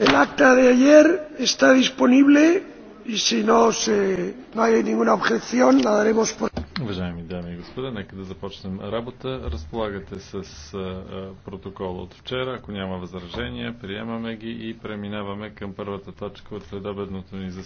el acta de ayer está disponible и си носи най-нигуна обхекцион, да даремос по... Уважаеми дами и господа, нека да започнем работа. Разполагате с протокол от вчера. Ако няма възражения, приемаме ги и преминаваме към първата точка от следобедното ни заседание.